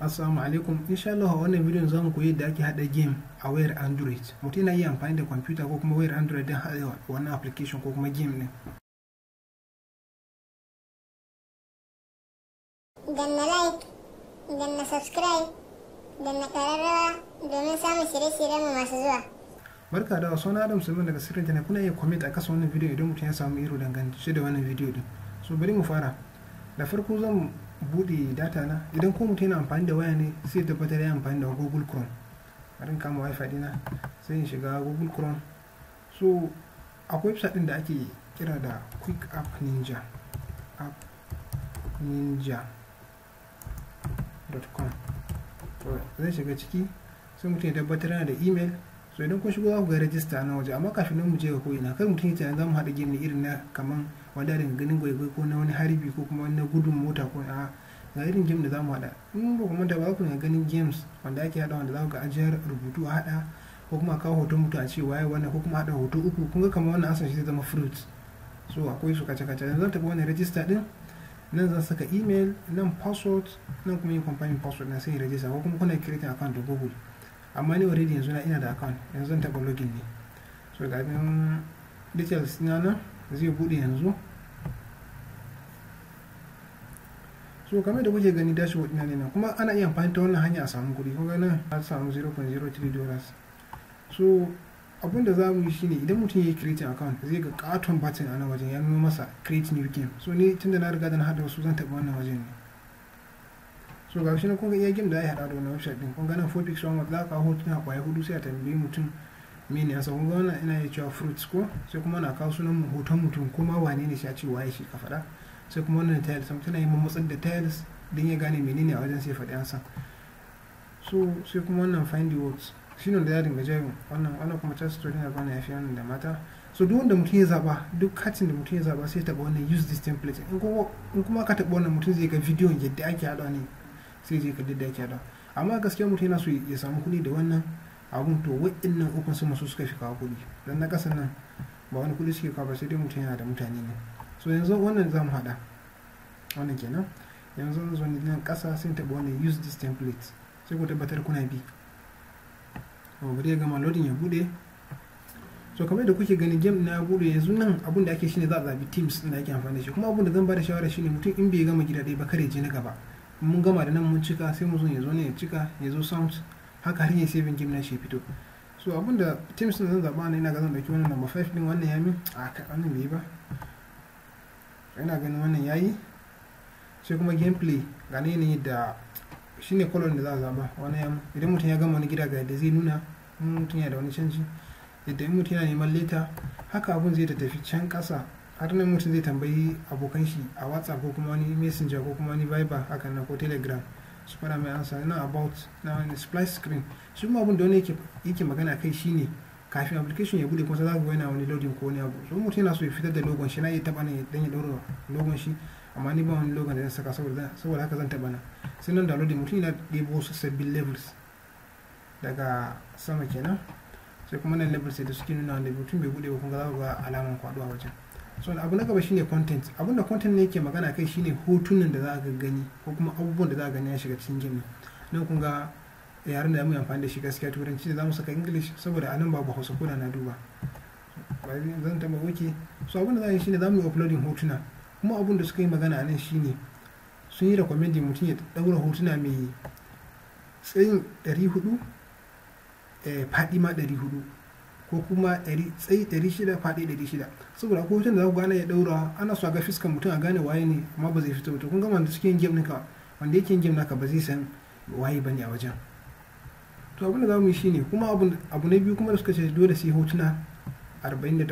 assalamu alaikum insha Allah wannan bidiyon za mu koyi da ake hada game a wayar android mutum yana yi amfani da kwamfuta ko kuma wayar android don hada wannan application ko kuma game ne danna like danna subscribe danna ƙararrawa domin samun shirye mu masu zuwa barka da wasu na adam sulman daga sirrin jana kuna iya comment a kasa wannan bidiyo idan mutum ya samu iro dangance da wannan bidiyo din so bari mu fara da farko zan bude data na idan ko mutum yana amfani da waya ne sai tabbatar ya amfani da google chrome bari kama wifi dina sai in shiga google chrome so akwai website din da ake kira da quick app ninja app ninja.com zai shiga ciki sai mutum ya tabbatar yana da email so idan kun shigo za ku ga rajista na waje amma kafin nan mu je ga ko ina kai mutum yace za mu haɗa gini irin na kaman wanda daga ganin gwaigwai ko na wani harbi ko kuma na gudun mota ko na ga irin game da za mu haɗa in ba kuma da ba ku ga ganin games wanda ake haɗa wanda za ku ga ajiyar rubutu a haɗa ko kuma kawo hoton mutu a ce waye wannan ko kuma haɗa hoto uku kun ga kamar wannan asan shi zai zama fruit so akwai su kace kace zan tafi wannan rajista din nan zan saka email nan password nan kuma yin company password na sai rajista ko kuma kuna creating account da google amma ni already yanzu na ina da account yanzu zan taɓa login ne so ga din details na nan zai buɗe yanzu so kamar da kuke gani dashboard ina ne nan kuma ana iya amfani ta wannan hanya a samu kuɗi kuma nan a samu 0.03 dollars so abin da za mu yi shine idan mutum ya yi creating account zai ga katon button a nan wajen ya nuna masa create new game so ni tunda na riga da na hada wasu zan taɓa wannan wajen ne so ga shi na kun ga iya game da ya hada da wannan website din kun ga nan four picks one za ka na kwaya hudu sai a tambayi mutum mene ya kun ga wannan ina yi cewa fruits ko sai kuma na kawo sunan hoton mutum kuma wane ne shi a ce waye shi ka faɗa sai kuma wannan tiles tana yi matsar da tiles don ya gane menene a wajen sai faɗi an san so sai kuma wannan find the words shi ne da ya dinga jayo wannan wannan kuma ta story na bana ya fi wannan da mata so duk wanda mutum ya zaba duk katin da mutum ya zaba sai ya taɓa wannan use this template in kuma ka taɓa wannan mutum zai ga video yadda ake haɗa ne sai je ka didda yake da amma gaskiya mutum yana so ya samu kuɗi da wannan abun to wa'innan ukun su masu suka fi kawo kuɗi don na ƙasa nan ba wani kuɗi suke kawo ba sai dai mutum yana da mutane ne so yanzu wannan za mu haɗa wannan kenan yanzu zo ne nan ƙasa sun taɓa wannan use this template sai ku tabbatar kuna bi bari ya gama loading ya bude so kamar da kuke ganin game na bude yanzu nan abun da ake shine za a zabi teams din da ake amfani da shi kuma abun da zan ba da shawara shine mutum in bai gama gida ɗaya ba kare je na gaba mun gama da nan mun cika sai mu zo ya zo ne ya cika ya zo sound haka har ya saving game na shi fito so abinda teams sun zan zaba na ina ga zan dauki wannan number 5 din wannan yamin a ka wannan bai ba ina ganin wannan yayi sai kuma gameplay ga ne ne da shine color da za a zaba wannan yamin idan mutum ya gama wani gida ga yadda zai nuna mutum ya da wani canji yadda in mutum yana neman leta haka abun zai tafi can kasa har nan mutum zai tambayi abokan shi a whatsapp ko kuma wani messenger ko kuma wani viber hakan na ko telegram su fara mai ansa na about na wani splice screen shi kuma abin da wani yake magana kai shi ne kafin application ya bude kuma za ku yana wani loading ko wani abu so mutum yana so ya fitar da logon shi na iya taba ne dan ya dora logon shi amma ni ba wani logon da zan saka saboda haka zan taba na sai nan download mutum yana ɗebo su sabbin levels daga sama kenan sai kuma nan levels da suke nuna wanda mutum bai bude ba kuma za ku ga alaman kwado a wajen so abu na gaba shine content abun da content ne yake magana kai shine hotunan da za a gani ko kuma abubuwan da za a gani ya shiga cikin game nan kun ga yaren da mu amfani da shi gaskiya turanci da zamu saka english saboda anan babu hausa ko da na duba zan taba wuke so abun da za a yi shine za mu yi uploading hotuna kuma abun da suka yi magana anan shine sun yi recommending mutum ya daura hotuna mai tsayin 400 eh, faɗi ma 400 ko kuma tsayi 600 faɗi 600 saboda ko hoton da za ku gane ya ɗaura ana so a ga fiskan mutum a gane waye ne amma ba zai fito to kun gama da cikin game ɗinka wanda yake game naka ba zai san waye ba ne a wajen to abin da za mu yi shi ne kuma abu na biyu kuma da suka ce dole su yi hotuna 48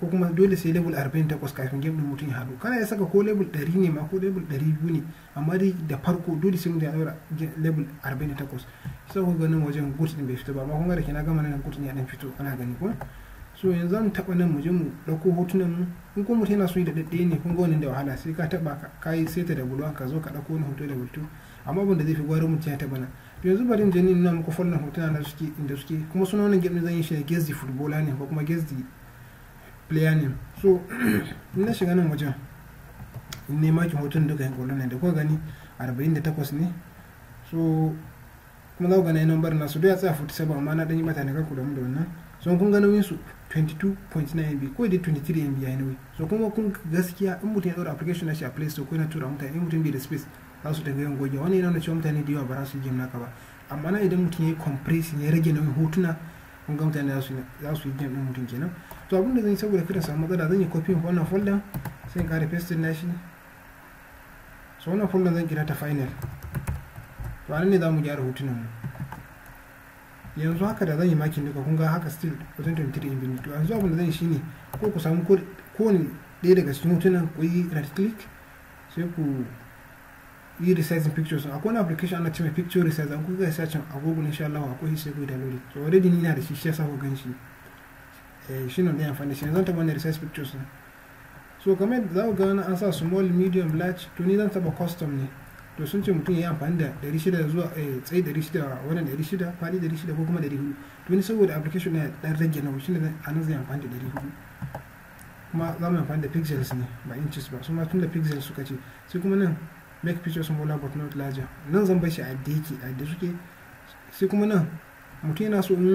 ko kuma dole sai level 48 kafin game din mutum ya haɗu kana ya saka ko level 100 ne ma ko level 200 ne amma dai da farko dole sai mutum ya daura level 48 sai ku ganin wajen gut din bai fito ba amma kun ga da kina gama nan gut ne ya dan fito kana gani ko so yanzu za mu taɓa nan mu je mu ɗauko hotunan mu in kuma mutum yana so da daɗe ne kun ga wannan da wahala sai ka taɓa ka yi seta da bulwa ka zo ka ɗauko wani hoto da bultu amma abin da zai fi gwarin mutum ya taɓa nan yanzu bari mu je ni nuna muku fallon hotunan da suke inda suke kuma sunan wannan game zan yi shi da guess the footballer ne ko kuma gezi player so na shiga nan wajen in nema ki hoton duka yin kwallon ne da kuka gani 48 ne so kuma za ku gani nan barna su duk ya tsaya 47 amma na ɗanyi mata ne kanku da mu da wannan so kun gano yin su 22.9 MB ko da 23 MB yayin wai so kuma kun gaskiya in mutum ya tsora application na shi a Play Store ko yana tura mutane in mutum bai da space za su tafi yin goge wani yana nuna cewa mutane da yawa ba za su yi game naka ba amma na idan mutum ya yi compressing ya rage nauyin hotuna kunga mutane za su yi jam ɗin mutum kenan to abin da zan yi saboda kada samu matsala zan yi copying wannan folder sai in ƙara pasting na shi so wannan folder zan kira ta final to anan ne za mu gyara hotunan mu yanzu haka da zan yi makin duka kun ga haka still wajen 23 in bini to yanzu abin da zan yi shine ko ku samu kowane ɗaya daga cikin hotunan ku yi right click sai ku yi resizing pictures akwai wani application ana cewa picture resizing an kuka search a google insha Allah akwai shi sai ku lori so already ni na da shi shi yasa ku shi eh shi ne da amfani shi zan taba wani resize pictures ne so kamar za ku ga an sa small medium large to ni zan taɓa custom ne to sun ce mutum ya yi amfani da 600 zuwa eh, tsaye 600 ɗari 600 faɗi 600 ko kuma 400 to ni saboda application na dan rage na shi ne a nan zai amfani da 400 kuma za mu amfani da pixels ne ba inches ba su ma tun da pixels suka ce sai kuma nan make picture smaller but not larger nan zan bar shi a da yake a da suke sai kuma nan mutum yana so in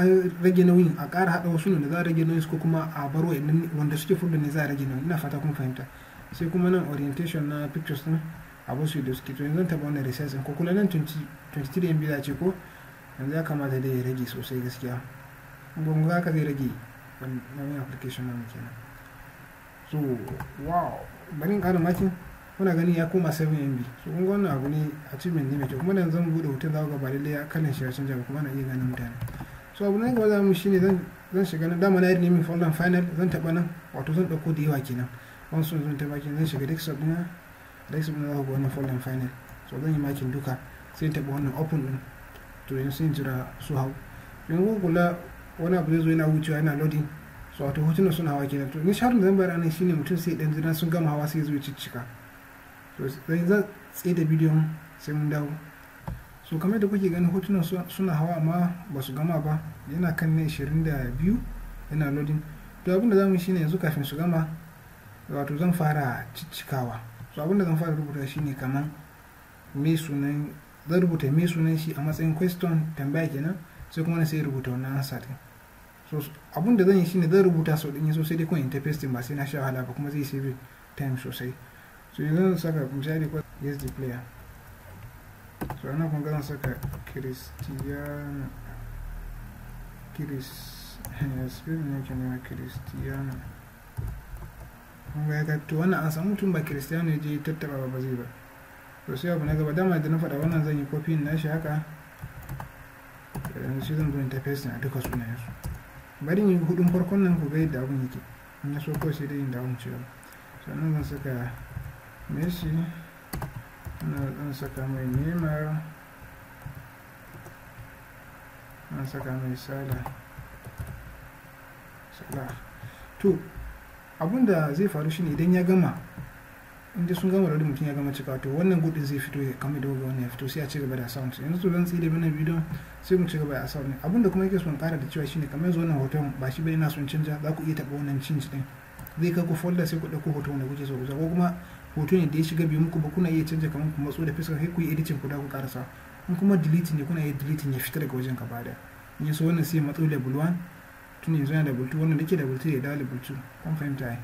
an rage nauyin a ƙara haɗa wasu da za a rage nauyin ko kuma a bar wanda suke fudu ne za a rage nauyin ina fata kun fahimta sai kuma nan orientation na pictures din abin su da suke to yanzu taɓa wannan resize ko kula nan 23 mb za ce ko yanzu ya kamata da ya rage sosai gaskiya gungun ka zai rage wani application na kenan so wow bari in ƙara makin muna gani ya koma 7 mb so kun wannan abu ne achievement ne mai kyau kuma da zan bude hoton za ga ba a kanin shi a canja ba kuma na iya ganin mutane so abu na gaba za mu shi zan zan shiga nan dama na yi nemi folder final zan taba nan wato zan dauko da yawa kenan sun zan taɓa kenan zan shiga desktop na desktop na za ga wannan folder final so zan yi makin duka sai taba wannan open ɗin to yanzu sai jira su hau yanzu kula wani abu zai zo yana wucewa yana loading so wato hotunan suna hawa kenan to ni shawarar da zan bayar shi shine mutum sai dan jira sun gama hawa sai ya ciccika to zan za tsaye da bidiyon sai mun dawo so kamar da kuke ganin hotunan suna hawa amma ba su gama ba yana kan na 22 yana loading to abin da za mu shine yanzu kafin su gama wato zan fara ciccikawa so abin da zan fara rubuta shine kamar me sunan zan rubuta me sunan shi a matsayin question tambaya kenan sai kuma na sai rubuta wannan answer din so abin da zan yi shine zan rubuta sau ɗin yaso sai dai kuma interface ta ba sai na sha wahala ba kuma zai save time sosai so inazo saka mshahidi kwa guest player so kuongeza saka Cristiano Chris eh, sijui ninacho na Cristiano ungayaka tuona asa mtu mba Cristiano je tattaba ba zai ba to sai dama da na faɗa wannan copy na shi haka yanzu shi interface na duka sunayen su bari in yi hudun nan ku ga abun yake in so kawai sai dai in mu ci sannan zan saka messi na ɗan saka mai neymar an saka mai sala salah to abunda zai faru shine idan ya gama inda sun gama da mutum ya gama cika to wannan gudun zai fito ya kama da wannan ya fito sai a ci gaba da sound yanzu to zan da mana bidiyon sai mu ci gaba da sound abin da kuma yake son kara da cewa shine kamar yanzu wannan hoton ba shi bane na son canja za ku iya taba wannan cinci din zai kai ku folder sai ku dauko hoton da kuke so ko kuma hoto ne da ya shiga biyu muku ba kuna iya canja kamar ku matso da fuskar kai ku yi editing ku da ku karasa in kuma delete ne kuna iya deleting ya fita daga wajen gaba daya in so wannan sai matso level 1 tun yanzu yana level 2 wannan da ke level 2 ya dawo level 2 kun fahimta ai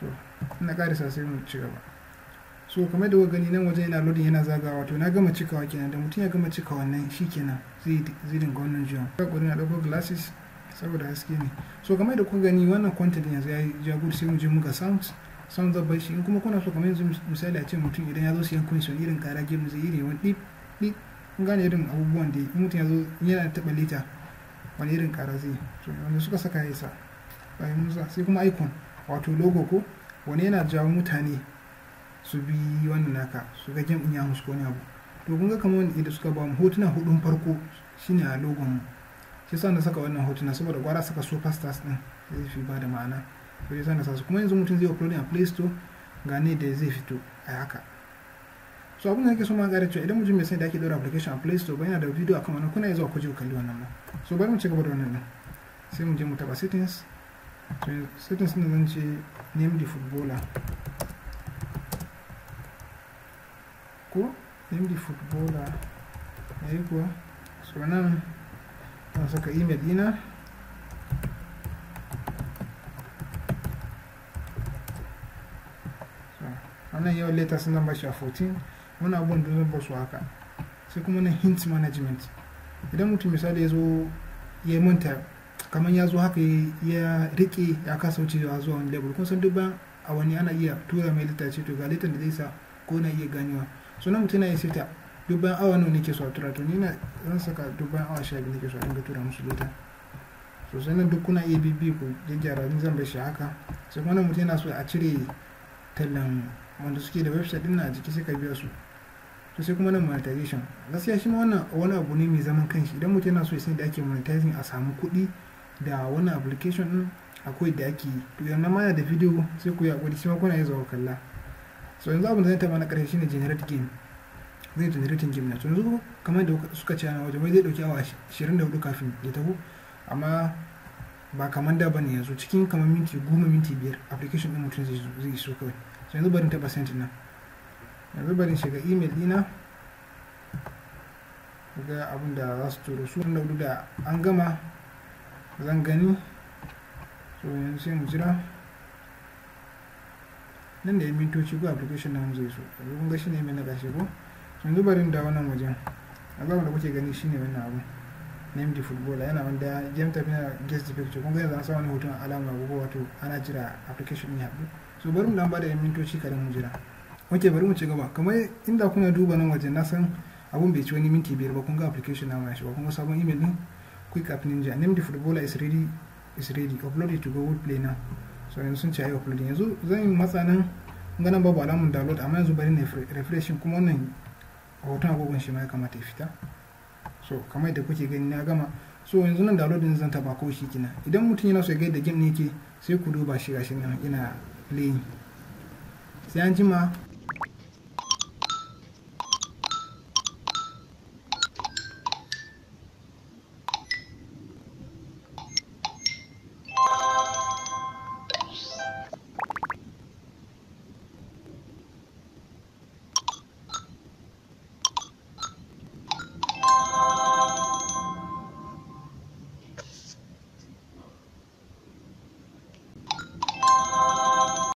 so ina karisa sai mu ci gaba so kamar da gani nan wajen yana loading yana zagawa to na gama cikawa kenan da mutum ya gama cika wannan shi kenan zai dinga wannan jiyon ga gudu na dauko glasses saboda haske ne so kamar da kuka gani wannan content yanzu ya jago sai mu je muka sound san zaba shi in kuma kuna so kamar yanzu misali a ce mutum idan ya zo siyan wani irin kara game zai yi ne wani ɗi ɗip kun gane irin abubuwan da mutum ya zo yana taɓa lita wani irin kara zai to wanda suka saka ya sa bayan musa sai kuma icon wato logo ko wani yana jawo mutane su bi wannan naka su ga game ya musu wani abu to kun ga kamar wani idan suka ba mu hotuna hudun farko shine a logon mu shi sa na saka wannan hotuna saboda gwara saka so stars din zai fi ba da ma'ana ku je za na sa su kuma yanzu mutum zai uploading a play store gane da zai fito so abin da nake so ma gare cewa idan mutum dora da ake application a play store ba da video akama na kuna hizo ku je ku kalli so bari mcheka ci gaba da wannan din sai je mu settings settings din zan name di footballer ko name di footballer yayi so nan masaka email dina nan yau leta nan ba shi a 14 wani abubuwan da zan ba su haka sai kuma na hint management idan mutum misali ya zo ya manta kamar ya zo haka ya rike ya kasa wucewa zuwa wani level kun san duk a wani ana iya tura mai ce to ga littan da zai sa ko na iya ganewa so na mutum na ya sita duk bayan awa nawa nake so a tura to ni na zan saka duk bayan awa sha biyu nake so a dinga tura musu litta so sai nan duk kuna iya bibi ku gyara ni zan bar shi haka sai kuma mutum yana so a cire tallan wanda suke da website din a jiki sai ka biya su to sai kuma nan monetization gaskiya shi ma wannan wani abu ne mai zaman kanshi idan mutum yana so ya san da ake monetizing a samu kuɗi da wani application din akwai da ake yi to yanzu ma da video sai ku yi hakuri shi ma kuna yi zawo kalla so yanzu abin da zai taba na ƙarshe shine generate game zai generating game na yanzu kamar da suka ce na wajen wai zai dauki awa 24 kafin ya taho amma ba kamar da bane yanzu cikin kamar minti goma minti biyar application din mutum zai so kawai yanzu barin taɓa nan yanzu barin shiga email dina ga abin da za su turo su da da an gama zan gani so yanzu sai mu jira nan da ya mintoci ko application na zai so yanzu kun ga ne mai na ƙarshe ko yanzu barin da wannan wajen azabar da kuke gani shine wannan abu name the footballer yana wanda game tafi na guest picture kun ga yanzu an sa wani hoton alama ko wato ana jira application ne haɗu so bari mu lamba bada yan mintoci kadan mu jira ok bari mu ci gaba kamar inda kuna duba nan waje na san abun bai ci wani minti biyar ba kun ga application na mai shi ba kun sabon email din quick app ninja name the footballer is ready is ready upload it to google play now so yanzu sun ce ai yanzu zan yi matsa nan kun ga nan babu alamun download amma yanzu bari ne refreshing kuma wannan hoton agogon shi ma ya kamata ya fita so kamar yadda kuke gani na gama so yanzu nan download din zan taba ko shi kina idan mutum yana so ya ga yadda game ne yake sai ku duba shi gashi nan ina 你，这样行吗？